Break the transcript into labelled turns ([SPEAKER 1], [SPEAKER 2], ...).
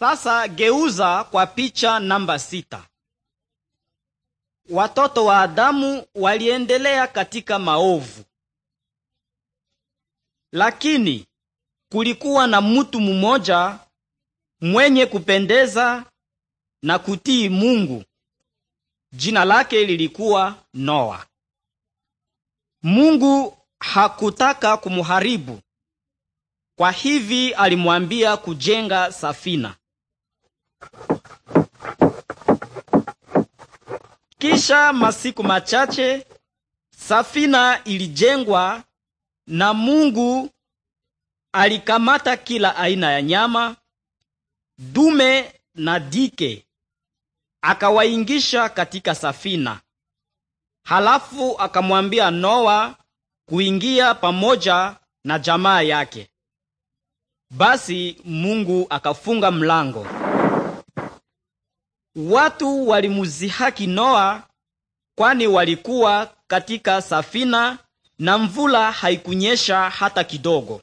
[SPEAKER 1] Sasa geuza kwa picha namba sita. Watoto wa Adamu waliendelea katika maovu, lakini kulikuwa na mtu mmoja mwenye kupendeza na kutii Mungu. Jina lake lilikuwa Noa. Mungu hakutaka kumuharibu kwa hivi alimwambia kujenga safina. Kisha masiku machache safina ilijengwa na Mungu alikamata kila aina ya nyama dume na dike, akawaingisha katika safina. Halafu akamwambia Noa kuingia pamoja na jamaa yake. Basi Mungu akafunga mlango. Watu walimuzihaki Noa kwani walikuwa katika safina na mvula haikunyesha hata kidogo.